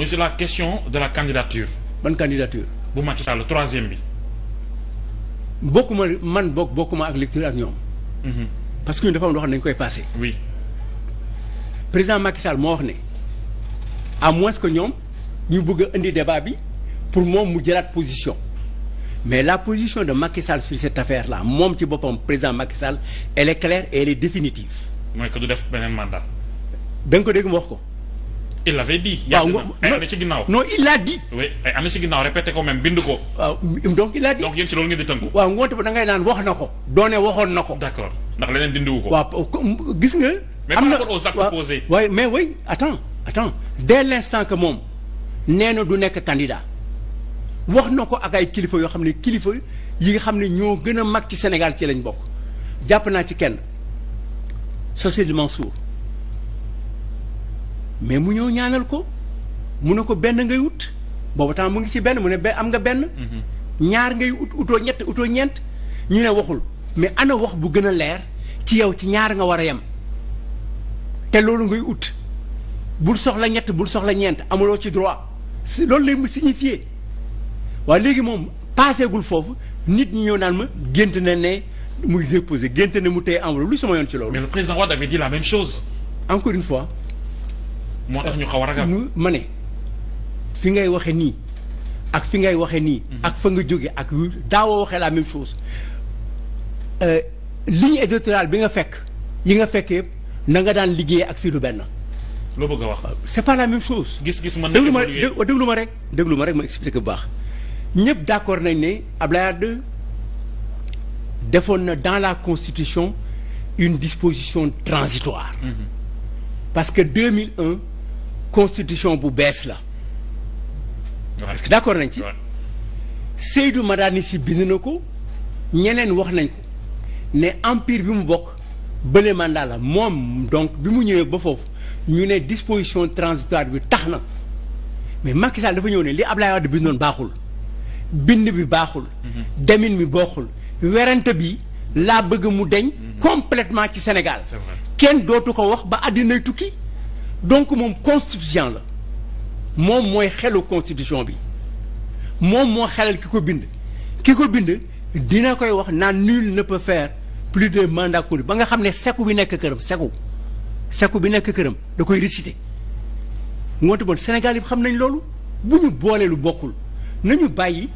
muy sur la question de la candidature. ban candidature. bu Macky Sall troisième bi. bokkuma man bokk bokkuma ak lecture ak ñoom. Mhm. parce que ñun dafa am loo xam ne dañu koy passé. président Macky Sall moo wax ne à moins que ñoom ñu bëgg a indi débat bi pour moom mu jëlaat position mais la position de Macky Sall sur cette affaire là moom ci boppam président Macky Sall elle est claire et elle est définitive. mooy que du def beneen mandat. da ko dégg mu wax ko. il l'avait dit. waaw ay am na ci ginnaaw. non il l'a dit. oui ay am na ci ginnaaw répété donc il l'a dit. donc yéen ci loolu ngeen di tënku. waaw ngoonte ba da naan wax na ko. doone waxoon na ko. d'accord ndax leneen dindiwu ko. waaw gis nga. am na mais waaye mais oui attends attends dès l'instant que moom nee na du nekk candidat wax na ko ak ay kilifa yoo xam ne kilifa yi xam ne ñoo gën a mag ci Sénégal ci lañ bokk jàpp naa ci kenn Cécile Mansour. mais mu ñëw ñaanal ko mu ne ko benn ngay wut boobu tam mu ngi ci benn mu ne be am nga benn. Mm-hmm. ñaar ngay ut utoo ñett utoo ñeent ñu ne waxul mais ana wax bu gën a leer ci yow ci ñaar nga war a yem te loolu ngay ut bul soxla ñett bul soxla ñeent amuloo ci droit si loolu lay mu signifié waaye léegi moom paaseegul foofu nit ñi ñëw naan ma gént na ne muy déposé gént na mu téye enveloppe lu sama yoon ci loolu. mais le président Wade avait dit la même chose. encore une fois. moo tax ñu xaw a ragal ma ne fi ngay waxe nii ak fi ngay waxe nii mhm. ak fa nga jóge ak daawoo waxe la même chose euh, ligne éditoriale bi nga fekk yi nga fekkee na nga daan liggéey ak fii lu benn loo bëgg a wax euh, c'est pas la même chose gis-gis man na déglu ma déglu ma rek déglu ma rek ma expliqué bu baax ñëpp d'accord nañ ne Abdoulaye Wade defoon na dans la constitution une disposition transitoire mm constitution bu bees la parce que d'accord nañ ci Seydou Madani si bind na ko ñeneen wax nañ ko ne empire bi mu bokk bële mandat la moom donc bi mu ñëwee ba foofu ñu ne disposition transitoire bi tax na mais Macky dafa ñëw ne li Ablaye Wade bindoon baaxul bind bi baaxul mhm. demin bi baaxul werante bi laa bëgg mu deñ mhm. completement ci Sénégal kenn dootu ko wax ba àddinay tukki donc moom constitution la moom mooy xelu constitution bi moom moo xelal ki ko bind ki ko bind dina koy wax naan nu ne peut faire plus de mandat couru ba nga xam ne seku bi nekk këram seku seku bi nekk këram da koy réciter ngoonte bon Sénégal yi xam nañ loolu bu ñu boolee lu bokkul na ñu bàyyi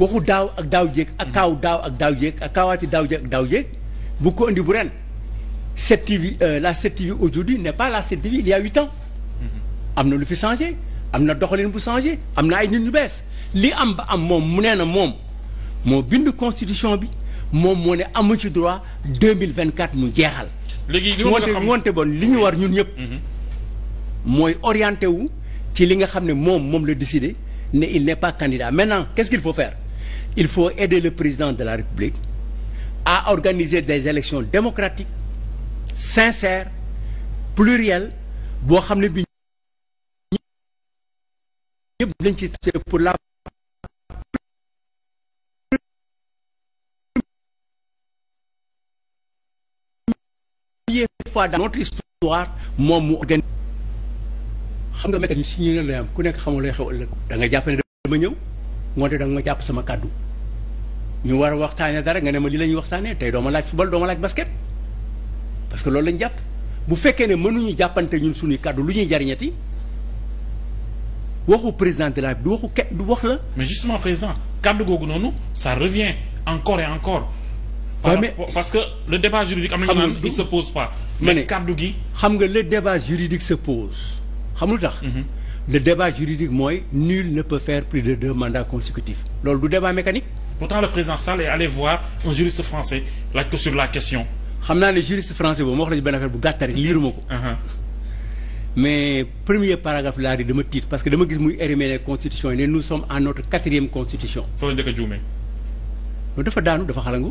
waxu daaw ak daaw jéeg ak kaaw daaw ak daaw jéeg ak kaawaati daaw jéeg ak daaw jéeg bu ko indi bu ren 7TV euh, la 7TV aujourd'hui n'est pas la 7TV il y huit ans am na lu fi changé am na doxalin bu changé am na ay nit ñu bes li am ba am moom mu nee na moom moo bind constitution bi moom moo ne amu ci droit 2024 mu jeexal. léegi li wonte bon li ñu war ñun ñëpp. Mhm. mooy orienté wu ci li nga xam ne moom moom la décidé ne il n'est pas candidat maintenant qu'est-ce qu'il faut faire il faut aider le président de la République à organiser des élections démocratiques. sincère pluriel boo xam ne bi ñëpp lañ ci pour la première fois dans notre histoire moom mu organise xam nga mekk ñu si ñu ne lay am ku nekk xamul lay xew ëllëg da nga jàpp ne dama ñëw ngoonte da nga ma jàpp sama kàddu ñu war a waxtaane dara nga ne ma li la ñuy waxtaane tey doo ma laaj football doo ma laaj basket parce que loolu lañ jàpp bu fekkee ne mënuñu jàppante ñun suñuy kàddu lu ñuy jariñati waxu président de la du waxu ke du wax la. mais justement président kàddu googu noonu ça revient encore et encore. Par parce que le débat juridique am na ñu naan il pose pas. ma ne kàddu gi. xam nga le débat juridique se pose xam lu tax. Mm-hmm. le débat juridique mooy nul ne peut faire plus de deux mandats consécutifs loolu du débat mécanique. pourtant le président Sall est allé voir un juriste français laaj ko la question. xam naa ne juriste français boobu ma wax la ñu benn affaire bu gàtt rek liiruma ko. Uh-huh. mais premier paragraphe laa di dama tiit parce que dama gis muy érimé constitution yi ne nous sommes à notre quatrième constitution. fa a juumee. dafa daanu dafa xalangu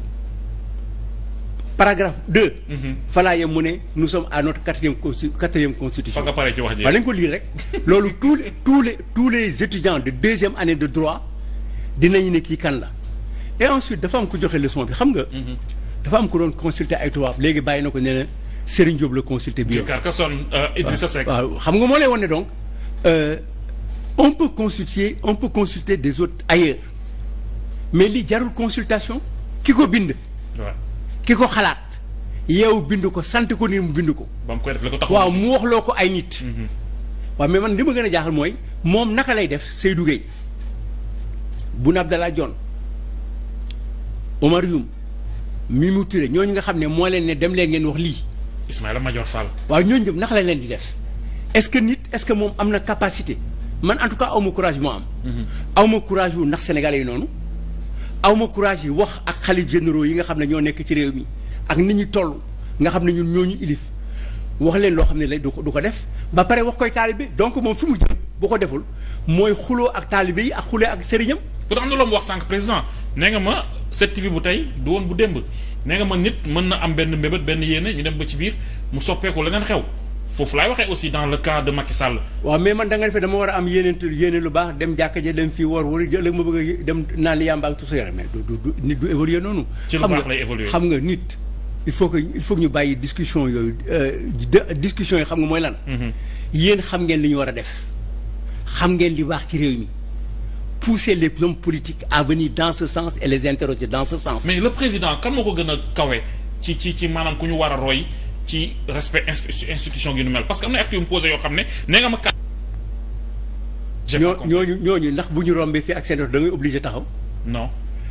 paragraphe deux. Uh-huh. fa mu ne nous sommes à notre quatrième consti quatrième constitution. fa nga pare ci wax ji ba nañ ko lire rek. loolu tous les tous les tous étudiants de deuxième année de droit dinañ ne kii kan la et ensuite dafa am ko joxe leçon bi xam nga. Uh-huh. dafa am ko doon consulter ay tubaab léegi bàyyi na ko nee na Serigne Diop la consulter bi Carcassonne euh, waaw xam nga moo lay wan ne donc euh, on peut consulter on peut consulter des autres ailleurs mais li jarul consultation ki ko bind ki ko xalaat yeew bind ko sant ko ni mu bind ko waaw mu wax ko ay nit mm-hmm. waaw mais man li ma gën a jaaxal mooy moom naka lay def Seydou Gueye Boun Abdallah Dionne Omar Mimi Touré ñooñu nga xam ne moo leen ne dem leen ngeen wax lii. Ismaïla Madior Fall. waaw ñooñ ñëpp nax la leen di def est-ce que nit est-ce que moom am na capacité man en tout cas aw ma courage moo am. Mhm. aw ma courage wu ndax sénégalais yi noonu. aw ma courage yi wax ak xalif généraux yi nga xam ne ñoo nekk ci réew mi ak nit ñi toll nga xam ne ñun ñooñu ilif wax leen loo xam ne lay du ko du ko def ba pare wax koy taalibe donc moom fi mu jëm bu ko deful mooy xuloo ak taalibe yi ak xulee ak sëriñam. pour loo mu wax sànq président nee nga ma. 7TV bu tey du woon bu démb nee nga man nit mën na am benn mbébét benn yéene ñu dem ba ci biir mu soppeeku la leneen xew foofu laay waxee aussi dans le cas de Macky Sall. waaw mais man da nga defee dama war a am yéene yéene lu baax dem jàkka ja dem fii woor wala jëlee ma bëgg a dem naan li yàmba ak du du évoluer noonu. ci lu baax lay évoluer xam nga nit. il faut que il faut que ñu bàyyi discussion yooyu euh, discussion yi xam nga mooy lan. Mhm. yéen xam ngeen li ñu war a def. xam ngeen li baax ci réew mi. pousser les hommes politiques à venir dans ce sens et les interroger dans ce sens. mais le président kan moo ko gën a kawe ci ci ci maanaam ku ñu war a roy ci respect institution gi parce que am na acte yu mu posé yoo xam ne nee ma. jëfandikoo ñooñu ñooñu ndax bu ñu rombee fii ak seen da ngay obligé taxaw. non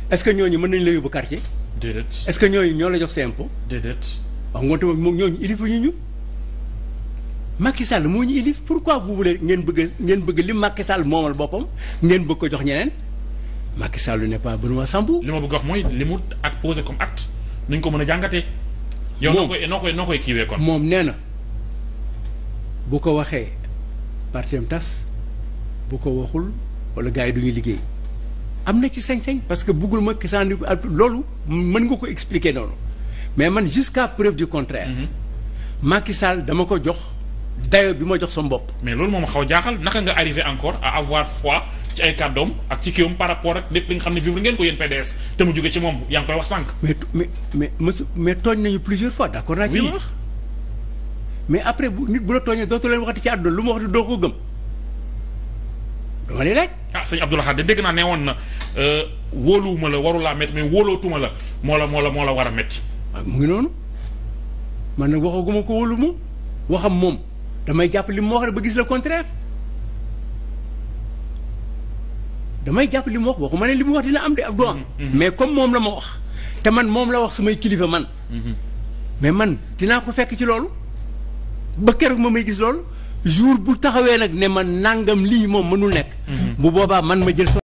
est-ce que ñooñu mën nañu la yóbbu quartier. déedéet est-ce que ñooñu ñoo la jox seen impôt. waaw ngoonte moom ñooñu il faut ñu ñu. Macky Sall moo ñu indi pourquoi vous voulez ngeen bëgg ngeen bëgg li Macky Sall moomal boppam ngeen bëgg ko jox ñeneen Macky Sall n'est pas Benoît Sambou. li ma bëgg wax mooy li mu ak posé comme acte nuñ ko mën a jàngatee. yow noo koy noo kon. moom nee na bu ko waxee partiam tas bu ko waxul wala gars yi du ñu liggéey am na ci sañ-sañ. parce que buggul ma kisaan loolu mën nga ko expliquer noonu mais man jusqu'à preuve du contraire. Mm-hmm. Macky Sall dama ko jox. dayo bi ma jox sama bopp. mais loolu moom xaw jaaxal naka nga arrivé encore a avoir foi ci ay kàddoom ak ci kiwam par rapport ak lépp li nga xam ne vivre ngeen ko yéen PDS te mu jóge ci moom yaa ngi koy wax sànq. mais mais mais mais tooñ nañu plusieurs fois d' naa ci wax mais après bu nit bu la tooñee dootu leen waxati ci àdduna lu ma waxati doo ko gëm dama lay laaj. ah sëñ Abdoulaye Khadé dégg naa ne woon na euh, wóoluwuma la warulaa métti mais wóolootuma la moo la moo la war a métti. Ah, mu ngi noonu man nag waxaguma ko wóolu damay jàpp li mu wax rek ba gis le contraire damay jàpp li mu wax waxuma ne li mu wax dina am de ab du am mm-hmm. mais comme moom la ma wax te man moom la wax samay kilifa man mm-hmm. mais man dinaa ko fekk ci loolu ba keroog ma may gis loolu jour bu taxawee nag ne ma nangam lii moom mënul nekk mm-hmm. bu boobaa man ma jël